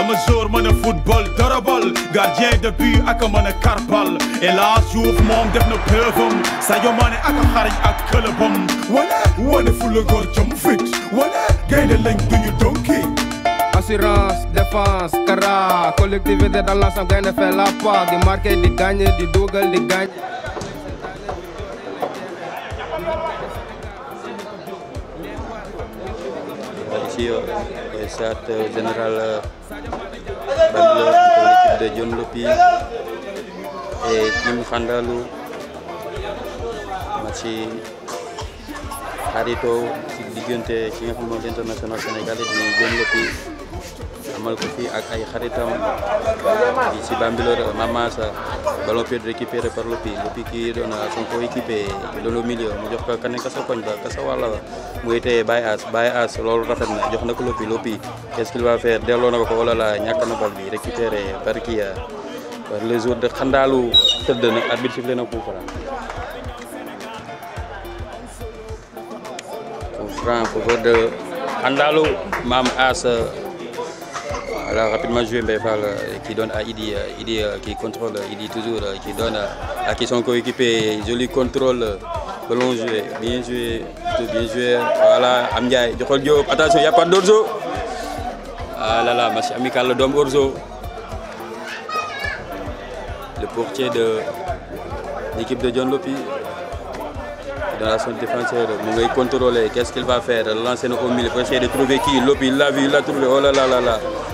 Sama zoor man een voetbal, darabal Gardien de bu, akka man een karbal. Helaas, je hoeft mom, def no peuvum Sayo man een akka garing ak kulebum Wana, wana voelen gor jam fit Wana, gaine link doe je donkey Assurance, défense, kara Collectivité dans l'ensemble, gaine fait la part Die marke die gagne, die doegel, die gagne et certes eh, général eh, Bandilor John Lopi et eh, Kim Fandalu match xaritoo ci diggante ki nga xam moom international sénégalais di John Lopi amal ko fi ak ay xaritam ici Bambilor sa ballon pied récupéré par Lopi Lopi qui donne à son coéquipier lo milieu mu jox ko kané ka so koñ ba ka so wala muy téye bay As bay As loolu rafet na jox na ko Lopi Lopi est ce qu'il va faire delloo na ko wala la ñak na bal bi récupéré par qui euh, par les jours de khandalu teud na arbitre ci na ko fara coup franc faveur de xandaalu Mam As euh, Alors rapidement, je vais faire euh, qui donne à Idi, euh, Idi euh, qui contrôle, Idi toujours, qui donne à, qui sont coéquipés, je lui contrôle, on joué, bien joué, bien joué, voilà, Amdiaye, je Diop, attention, il n'y a pas d'Orzo. Ah là là, ma amical, le Dom Le portier de l'équipe de John Lopi, dans la zone défenseur, il contrôle, contrôler, qu'est-ce qu'il va faire, lancer au milieu, essayer de trouver qui, Lopi l'a vu, il l'a trouvé, oh là là là là.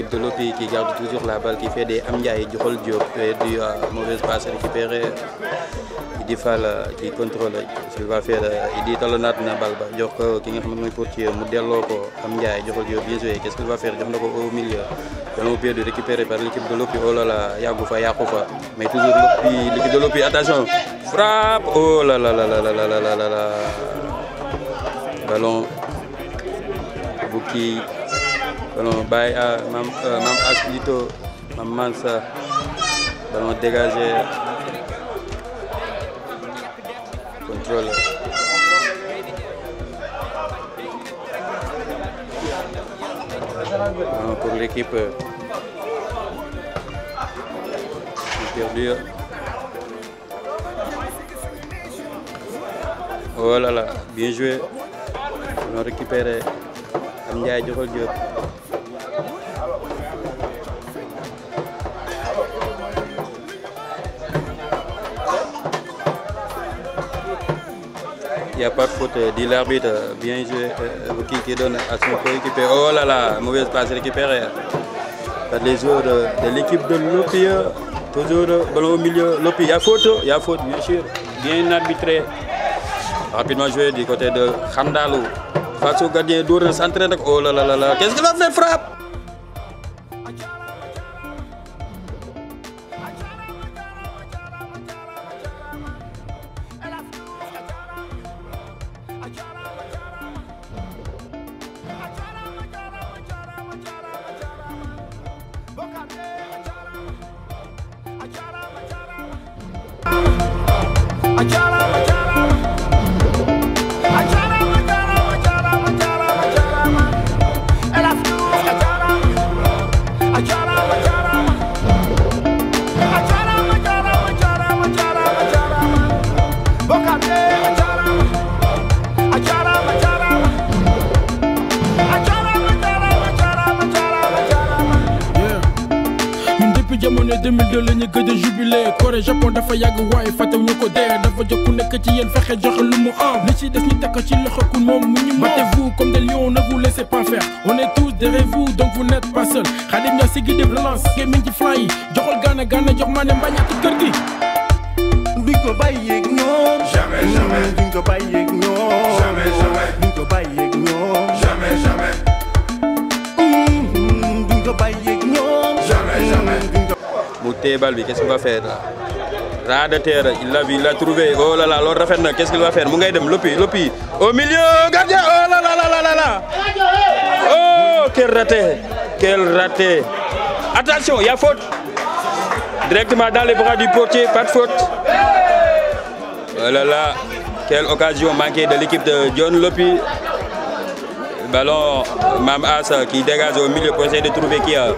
l'équipe de l'OPI qui garde toujours la balle, qui fait des amia et du rôle du, du euh, mauvaise passe récupérée. il euh, qui contrôle ce qu'il va faire. il dit la balle ba jox nga xam portier mu ko bien qu'est-ce qu'il va faire Il ko au milieu. Dans au pied de récupérer par l'équipe de l'OPI oh là là Yagoufa fa fa mais toujours l'OPI l'équipe de l'OPI attention frappe oh là là là là là là là là là ballon Bouki ballon bàyyi à euh, mam euh, mam Lito mam Mansa ballon dégagé contrôle ballon pour l'équipe perdure oh là là bien joué a récupéré am Ndiaye joxal Diop il n'y a pas de faute, euh, dit l'arbitre. Euh, bien joué, qui, euh, qui donne à son coéquipier. Oh là là, mauvaise passe récupérée. Les joueurs de, l'équipe de Lopi, toujours au milieu. Lopi, il y a faute, il oh, y a faute, bien sûr. Bien arbitré. Rapidement joué du côté de Khandalou. Face au gardien, Dour s'entraîne. Oh là là là là, qu'est-ce qu'il va faire frappe I gotta. 2002 la ñu jubilé Corée Japon dafa yag waaye fàttewu ñu ko dee dafa jóg ku nekk ci yeen fexé jox lu mu am li ci des ni takk ci loxo ku mu ñu moom vous comme des lions ne vous laissez pas faire on est tous derrière vous donc vous n'êtes pas seul Khadim Niass si gi def relance ngeen mi ci fly joxol gaana gaana jox mané ne ci kër gi duñ ko bàyyi ak jamais jamais duñ ko qu'est-ce qu'il va faire là ras de terre il l'a vu il l'a trouvé oh là là l'autre fait qu'est-ce qu'il va faire mu dem Lopi, l'opi au milieu gardien oh là là là là là là oh quel raté quel raté attention il y a faute directement dans les bras du portier pas de faute oh là là quelle occasion manquée de l'équipe de John Lopi ballon même As qui dégage au milieu pour essayer de trouver qui a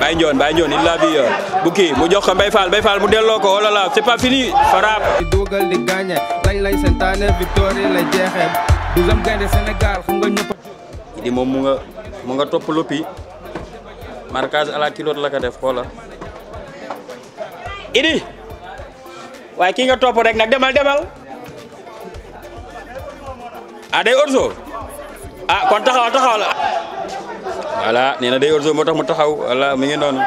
Baye Ndione Baye Ndione il l'a vie euh, bu mu jox ko Mbaye Fall Mbaye Fall mu delo ko oh la la c'est pas fini farap di dugal di gagne lay lay santane victoire lay jeexee zam gagne Sénégal xam nga ñëpp. di mom mu nga mu nga topp loppi marquage à la culotte la ko def xoola idi way ki nga top rek nak demal demal ade ah, day orso ah kon taxaw taxaw la voilà nee na day orzo moo tax mu taxaw voilà mi ngi noonu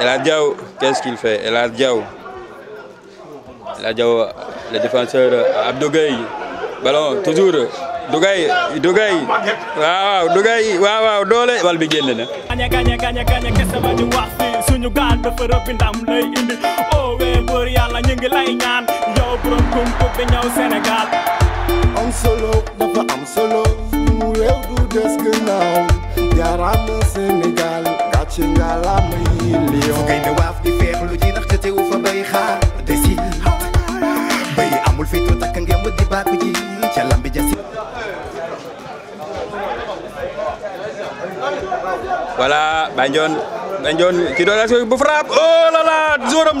El Hadj Diaw qu'est-ce qu'il fait El Hadj Diaw El Hadj Diaw le défenseur euh, Abdou Gueye ballon toujours Dugay Dugay waaw Dugay waaw waaw doole bal bi génn na. kaña kaña kaña kaña kese ba ñu wax fii suñu gaal dafa rëbbi ndam lay indi oowee buur yàlla ñu ngi lay ñaan yow borom kumpu bi ñëw Sénégal. am solo dafa am solo mu réew des gannaaw jaaraama Sénégal gàcce ngalaama yi di ndax fa desi bay amul fitu di ji lambi Voilà, Banjon, Banjon, qui donne la frappe. Oh là là, Zoram.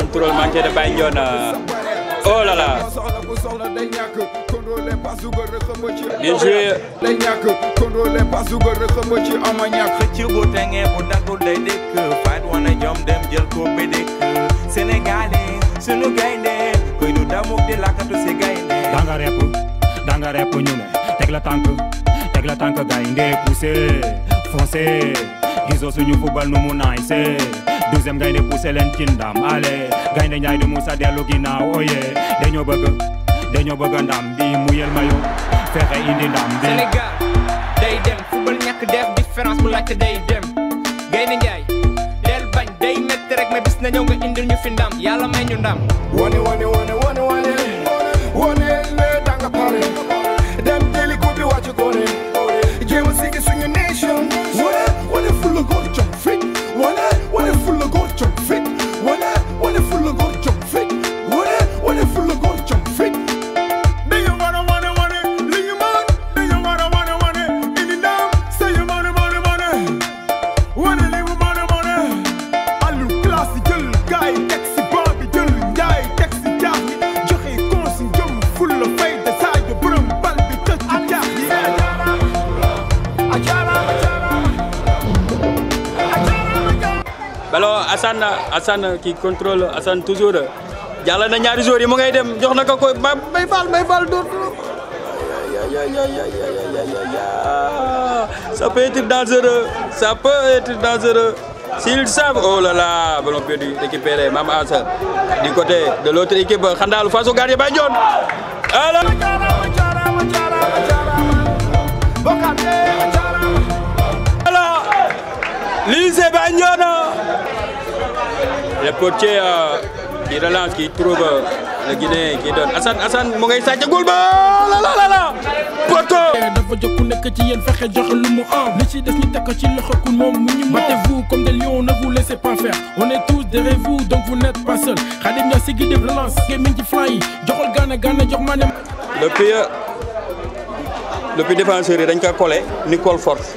contrôle manqué de Baye Ndione oh là là bien joué xëcc bu tengee bu daggul day dëkk faat wana jom dem jël ko bi dëkk Sénégalé sunu gaynde kuy du damuk di lakkatu si gaynde danga rep danga rep ñu ne teg la tànk teg la tànk gaynde poussé foncé gisoo suñu football nu mu naay douzième gaynde poussé leen ci ndam ale gaynde ñaay du Moussa dellu ginnaaw oye dañoo bëgg dañoo bëgg ndam bi mu yël mayo fexe indi ndam bi Sénégal day dem football ñàkk def différence bu laajte day dem gaynde njaay del bañ day metti rek mais bis na ñëw ñu fi ndam may ñu ndam wane wane wane wane Euh, qui contrôle Hassan toujours jàll na ñaari jour yi mo ngay dem jox na ko ko Mbaye Fall bay Fall do ça peut être dangereux ça peut être dangereux s'ils savent oh là là ballon perdu récupéré mam Assa du côté de l'autre équipe Khandalou face au gardien Baye Ndione voilà lise Baye le portier euh, qui relance, qui trouve euh, le Guinéen, qui donne. la la la ne vous laissez pas faire on est tous vous donc vous n'êtes pas seul Khadim Nicole Force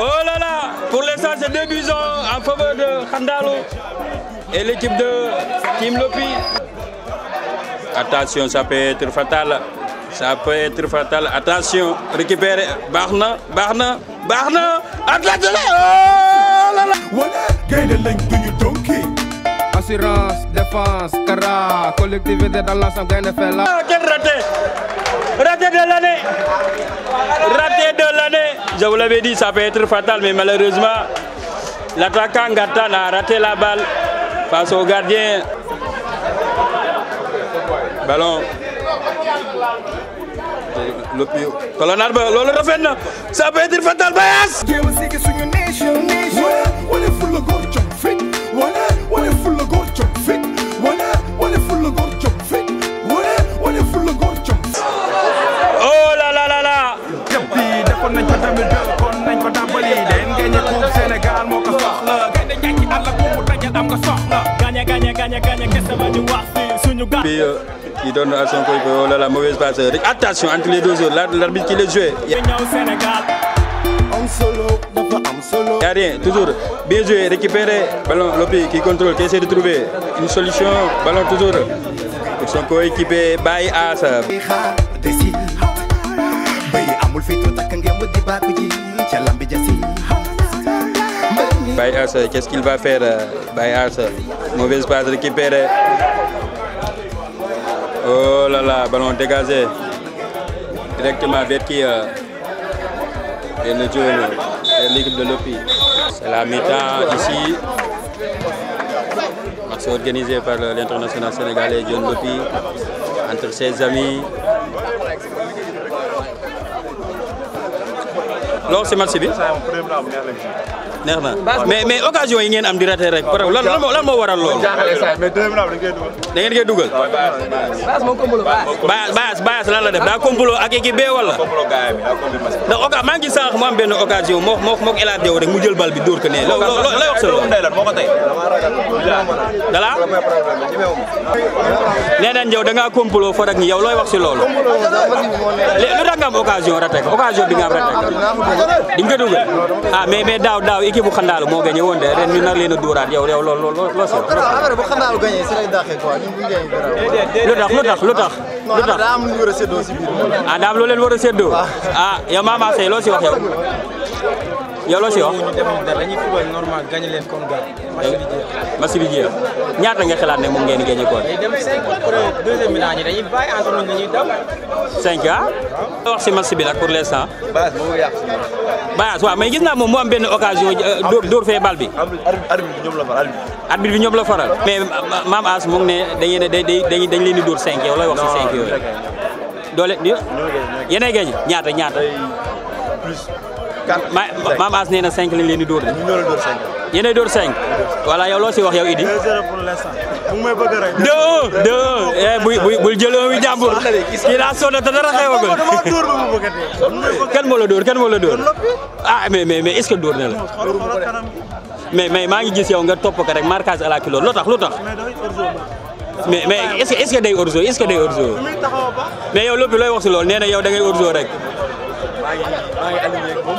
Oh là là Pour l'instant, c'est deux buts en faveur de Khandalo et l'équipe de Kim Lopi. Attention, ça peut être fatal. Ça peut être fatal. Attention, récupérer. Barna, Barna, Barna. Athlète de là Oh là là Assurance, défense, cara, collectivité dans l'ensemble, gain de fait là. Ah, quel raté Raté de l'année Raté de l'année Je vous l'avais dit, ça peut être fatal, mais malheureusement, l'attaquant Gatan a raté la balle face au gardien. Ballon. Le Colonel, ça peut être fatal, Bayas il donne à son coéquipier la mauvaise passe attention entre les deux joueurs l'arbitre qui les joue. il a rien toujours bien joué récupéré ballon Lopi qui contrôle qui essaie de trouver une solution ballon toujours pour son coéquipier Baye qu'est-ce qu'il va faire euh, Bayarsa, mauvaise passe récupérée. Oh là là, ballon dégazé Directement vers qui euh, Et le jeune euh, l'équipe de l'OPI. C'est la mi-temps ici. C'est organisé par l'international sénégalais John Lopi entre ses amis Non, c'est mal ciblé. neex na mais mais occasion yi ngeen am di raté rek par lan lan moo waral loolu da ngeen koy dugal bayas bayas bayas lan la def daa complot ak équipe B wala ndax oka maa ngi sànq mu am benn occasion moo moo moo elaat yow rek mu jël bal bi dóor ko ne lay wax sa loolu dala nee nañ yow da ngaa complot fa rek yow looy wax si loolu lu tax nga am occasion raté occasion bi nga am raté di nga dugal ah mais mais daw, daw. équipe bu xandaalu moo gagné woon de ren ñu nar leen a dóoraat yow yow loolu loolu loo si wax. affaire bu xandaalu gagné si lay dàqee quoi ñun bu ñu gagné dara. lu tax lu tax lu tax. lu tax daa lu ñu war a séddoo si biir. Ah, loo a si wax yow. yow loo siy wax ñu defoon dara leen comme gars match ñaata nga xalaat ne moom ngeen di gagné kon day dem 5 pour deuxième mi-temps ñi dañuy bàyyi entre ah? bi nag pour l'instant base moo yàq si base naa moom mu am benn occasion euh, dóor fee bal bi arbitre bi ñoom la faral arbitre bi ñoom la faral mais maam As mu ngi ne dañu ne dañ dañ leen di dóor 5 yow looy wax si 5 yooyu doole yéenay gagné ñaata ñaata plus Kan? Mame Ass nee na 5 lañ leen di dóor de. ñu ñoo la dóor 5. yéenay dóor 5. voilà yow loo si wax yow Idi. 2-0 pour l'instant. bu may bëgg rek. 2 2 bul bu bu jëloo wi jàmbur. kii laa sonn te dara xewagul. dama kan moo la dóor kan moo la dóor. ah mais mais mais est-ce que dóor na la. mais mais maa ngi gis yow nga topp ko rek marquage à la kilo lu tax lu tax. mais mais est-ce que est-ce que day orzo est-ce que day orzo. mais yow lépp looy wax si loolu nee yow da ngay orzo rek. maa ngi maa ngi aligné ak moom.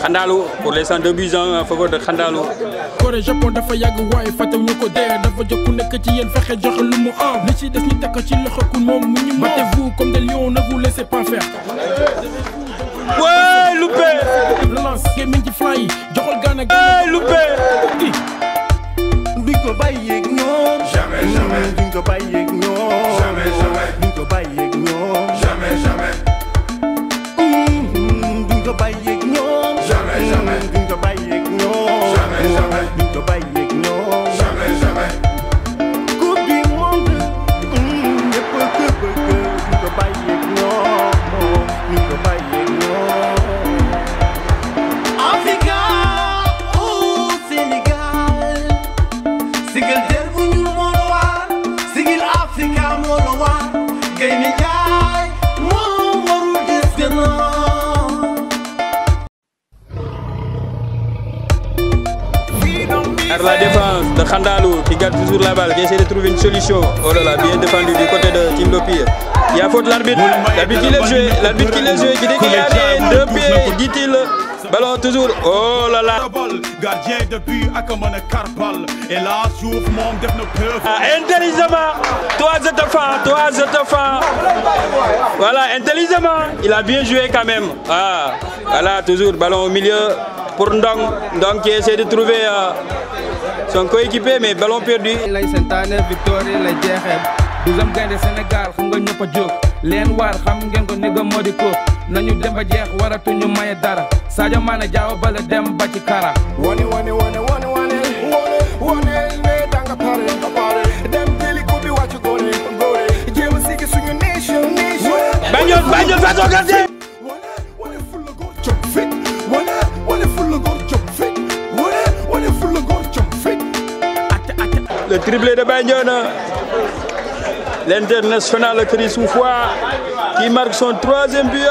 Xandaalu pour l'instant deux buts en faveur de Xandaalu. Corée Japon dafa yag waaye fatou ñuko ko dee dafa jóg ku nekk ci yeen fexe jox lu mu am li ci des ni teg ci loxo ku mom mu ñu moom. Battez-vous comme des lions ne vous laissez pas faire. Ouais loupé. Relance gémmiñ ci flanc yi joxol gaana gaana. loupé. duñ ko bàyyeeg ñoom. jamais jamais duñ ko bàyyeeg. défendu du côté de Kim Lopir. Il y a faute l'arbitre. L'arbitre qui l'a joué. L'arbitre qui l'a joué. Qui dit qu'il a deux pieds, dit-il. Ballon toujours. Oh là là. Gardien depuis Akamana carpal. Et là, mon ah, Intelligemment. Toi, Zetafan. Toi, Voilà, intelligemment. Il a bien joué quand même. Ah. Voilà, toujours. Ballon au milieu pour Ndang, Ndong qui essaie de trouver euh, son coéquipier, mais ballon perdu. douzième gaynde Sénégal xam nga ñëpp a jóg leen waar xam ngeen ko néga moo di kóob nañu dem ba jeex waratuñu maye dara Sadio Mané jaaw bale dem ba ci kara woni woni woni woni woni woni ne danga pare nga pare dem jëli ko bi wàcc góore góore jéem a sigi suñu nation nation bañoon bañoon fa toogal de Le triplé de Bagnona L'international Chris Oufoua qui marque son troisième but.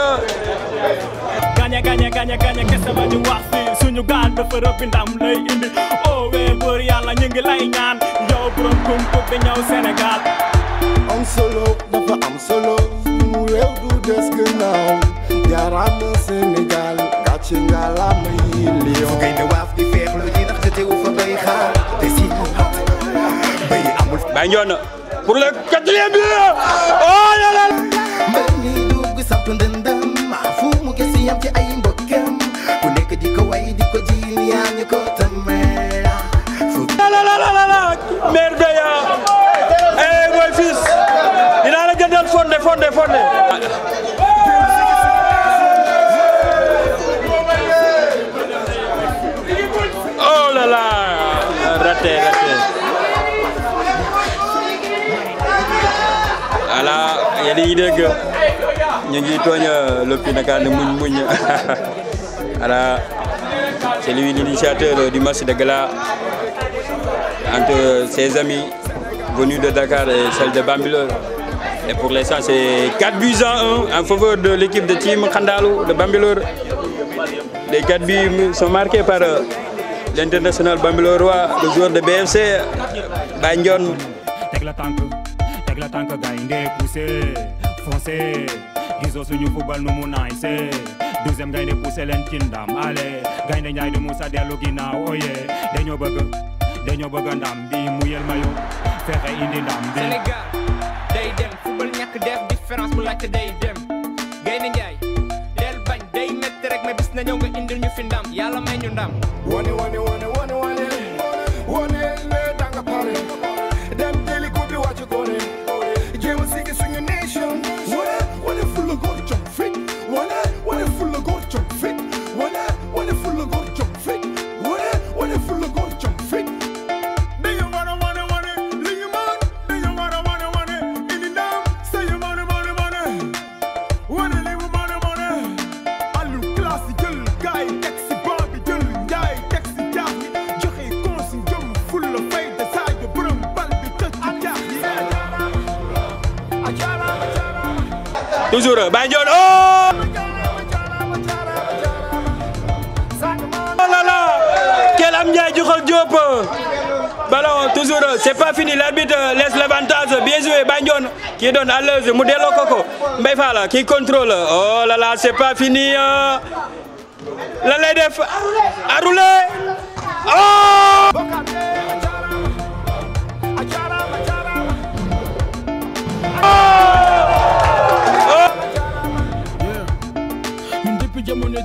Gagne, gagne, gagne, gagne, qu'est-ce que nous on oh, Sénégal solo solo Sénégal pour le quatrième but oh là là mbër mi dugg sàpp ndëndam fu mu gis yam ci ay mbokkam ku nekk di ko way di ko jiil yaa ñu ko tamee la la la la merveille eh mon fils dinaa la jëndal fonde fonde fonde c'est lui l'initiateur du match de gala entre ses amis venus de Dakar et celle de Bambilor. Et pour l'instant, c'est 4 buts à 1 en faveur de l'équipe de Team Kandalu de Bambilor. Les 4 buts sont marqués par eh, l'international Bambilorois, le joueur de BFC, Banyon. tànk gaynde poussé foncé gisoo suñu football nu mu naay see deuxième gaynde poussé leen ci ndam ale gaynde njaay du musa dellu ginnaaw oye dañoo bëgg dañoo bëgg ndam bi mu yel mayo fexe indi ndam bi Sénégal day dem football ñàkk def différence mu laajte day dem gaynde njaay del bañ day metti rek mais bis na ñëw nga ñu fi ndam may ñu ndam wane wane wane wane wane wane toujours Oh oh oh. Quel am Diop euh. ballon toujours c'est pas fini l'arbitre euh, laisse l'avantage bien joué Bagnon, qui donne à l'aise mu coco. ko euh, qui contrôle oh là là c'est pas fini La led. à a roulé oh.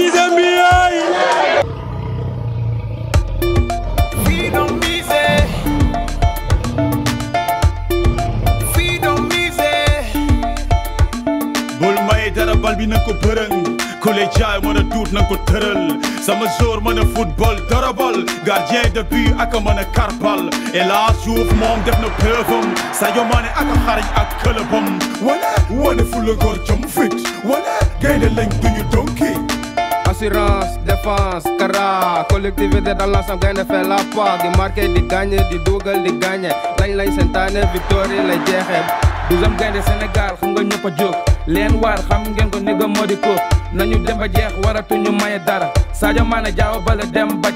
is NBA. Freedom Mise. Freedom Mise. Bul may dara bal bi na ko përëng. ku lay jaay mën a duut na sama jour mën football dërëbal gardien de bu ak mana karbal et la suuf moom def na peufam Sadio Mané ak a xarañ ak këlëbam wala wane fu la góor jom fit wala leng lañ duñu donkey. assurance, défense, kara collectivité dans l'ensemble gagne fait la part di marqué di gagné di dugal di gagné Lain lañ sentane victoire lay jeexé douzième gagne Sénégal xam nga ñëpp a jóg leen war xam ngeen ko nigga modi ko nañu dem ba jeex waratuñu maye dara Sadio Mané jaaw bala dem ba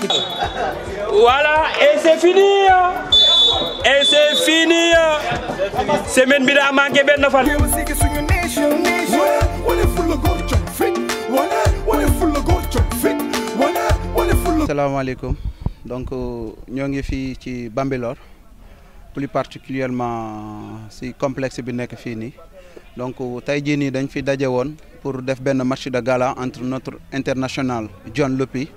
voilà et c'est fini et c'est fini semaine bi da manqué ben fan asalaamaaleykum donc nous sommes ici ci Bambilor plus particulièrement si complexe bi nekk fii nii donc aujourd'hui nous dañ fi pour def un match de gala entre notre international John Lopy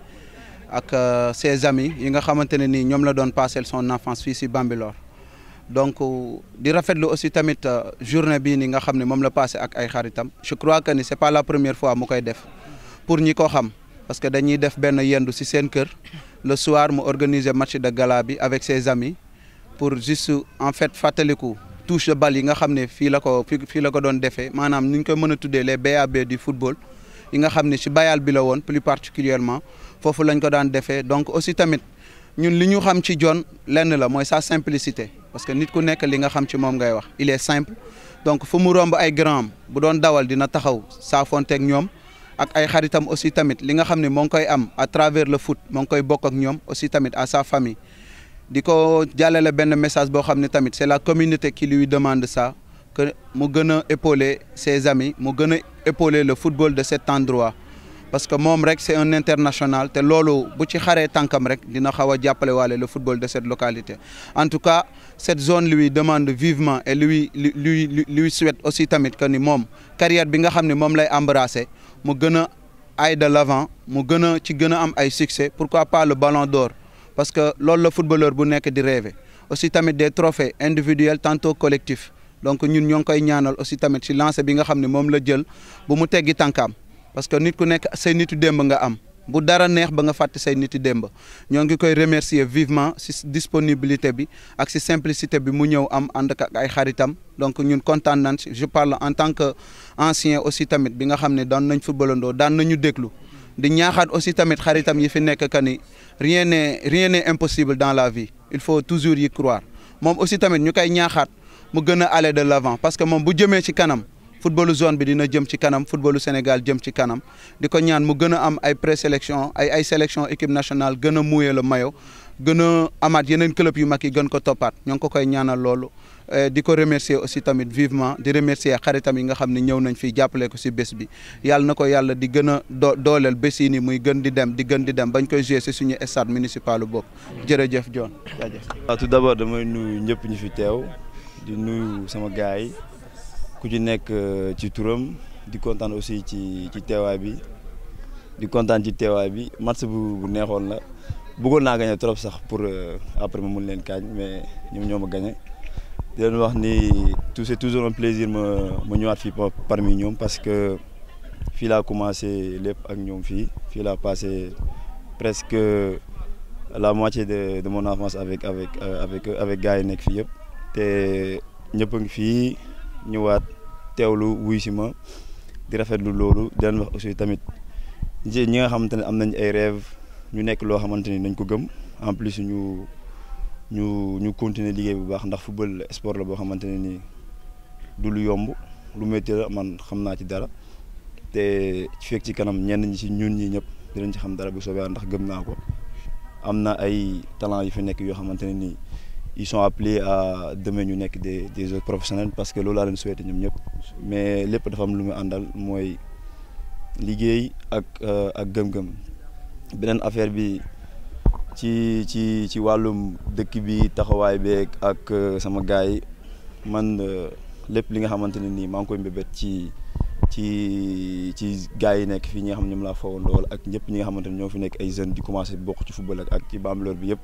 ak euh, ses amis yi nga xamante ne nii ñoom la doon passer son enfance ici à Bambilor donc di rafetlu aussi tamit euh, journée bii nii nga xam ne la passé ak ay xaritam je crois que ce n'est pas la première fois mu koy def pour ñi ko parce que dañuy def ben yendu ci sen kër le soir mu organiser match de gala bi avec ses amis pour juste en fait fàttaliku touche de balle yi nga xamné fi la ko fi la ko don defee manam niñ koy mëna les BAB du football yi nga xamné ci Bayal bi la won plus particulièrement fofu lañ ko daan defee donc aussi tamit ñun li ñu xam ci jonne lenn la moy sa simplicité parce que nit ku nekk li nga xam ci mom ngay wax il est simple donc fu mu romb ay grand bu doon dawal dina taxaw saafonteeg ñom ak ay xaritam aussi tamit li nga xam ne moo ngi koy am à travers le foot moo ngi koy bokk ak ñoom aussi tamit à sa famille di ko jàllale benn message boo xam ne tamit c'est la communauté qui lui demande ça que mu gën a épauler ses amis mu gën a épauler le football de cet endroit parce que moom rek c'est un international te loolu bu ci xaree tànkam rek dina xaw a jàppale le football de cette localité en tout cas cette zone lui demande vivement et lui lui lui souhaite aussi tamit que ni moom carrière bi nga xam ne moom lay embrasser mu gën ay de l'avant mu gëna ci gëna a am ay succès pourquoi pas le ballon d'or parce que lool la footballeur bu nek di rêver aussi tamit des trophées individuels tantôt collectifs donc ñun ñong koy ñaanal aussi tamit ci lancé bi nga xamné mom la jël bu mu téggi tankam parce que nit ku nek say nitu demb nga am bu dara neex ba nga fàtte say nit demba démb ñoo ngi koy remercier vivement ci disponibilité bi ak ci simplicité bi mu am and ak ay xaritam donc ñun content nañ je parle en tant que ancien aussi tamit bi nga xamné ne daan nañ footballandoo daan nañu déglu di ñaaxaat aussi tamit xaritam yi fi nekk que rien n'est rien n'est impossible dans la vie il faut toujours y croire mom aussi tamit ñu koy ñaaxaat mu gëna aller de l'avant parce que mom bu jëmee ci kanam. footballu zone bi dina jëm ci kanam footballu Sénégal jëm ci kanam di ko ñaan mu gën a am ay présélection ay ay sélection équipe nationale gën a mouiller le maillot gën a amaat yeneen club yu mag yi gën ko toppaat ñoo ngi ko koy ñaanal loolu eh, di ko remercier aussi tamit vivement di remercier xaritam yi nga xam ni ñëw nañ fi jàppale ko si bés bi yàlla na ko yàlla di gën a do dooleel bés yi nii muy gën di dem di gën di dem bañ koy jouer si suñu stade municipal bu jërëjëf John jaajëf. waaw tout d'abord damay nuyu ñëpp ñu fi teew di nuyu sama gars yi ku ci nekk euh, ci turam di content aussi ci ci teewaay bi di content ci teewaay bi match bu bu la bëggoon na gagner trop sax pour euh, après ma mun leen mais ñoom ñoma gagner gagné di len wax ni tout c'est toujours un plaisir ma ma ñëwaat fii parmi ñoom parce que fi la commencé lepp ak ñoom fi fi la passé presque la moitié de de mon enfance avec avec euh, avec avec gars yi nekk fii yëpp te ñëpp ngi fi ñëwaat. teewlu wuy si ma di rafetlu loolu di leen aussi tamit ñi nga xamante ne am nañ ay rêve ñu nekk loo xamante ni nañ ko gëm en plus ñu ñu ñu continuer liggéey bu baax ndax football sport la boo xamante ne nii du lu yomb lu métti la man xam naa ci dara te fekk ci kanam ñenn ñi ci ñun ñi ñëpp dinañ ci xam dara bu soobee ndax gëm naa ko am na ay talent yu fi nekk yoo xamante ne nii. ils sont appelés à demain ñu nekk des des joueurs professionnels parce que Lola laa leen souhaité ñoom ñëpp mais lépp dafa am lu mu àndal mooy liggéey ak euh, ak gëm-gëm beneen affaire bi ci ci ci walum dekk bi taxaway beeg ak euh, sama gaay man euh, lepp li nga xamanteni ni ma maa ngi koy mbébét ci ci ci gaay yi nekk fii ñi nga xam ne la fawon foogoon lool ak ñëpp ñi nga xamanteni ne ñoo fi nekk ay jeunes di commencer bokk ci football ak ci Bambilor bi yépp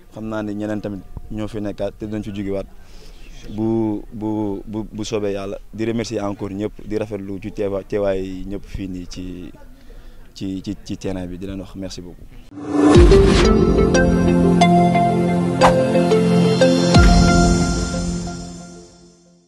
xam naa ni ñeneen tamit ñoo fi nekkaat te dañ ci jugewaat bu bu bu bu soobee yàlla di remercier encore ñëpp di rafetlu ci teewa teewaay ñëpp fii nii ci ci ci ci terrain bi di leen wax merci booku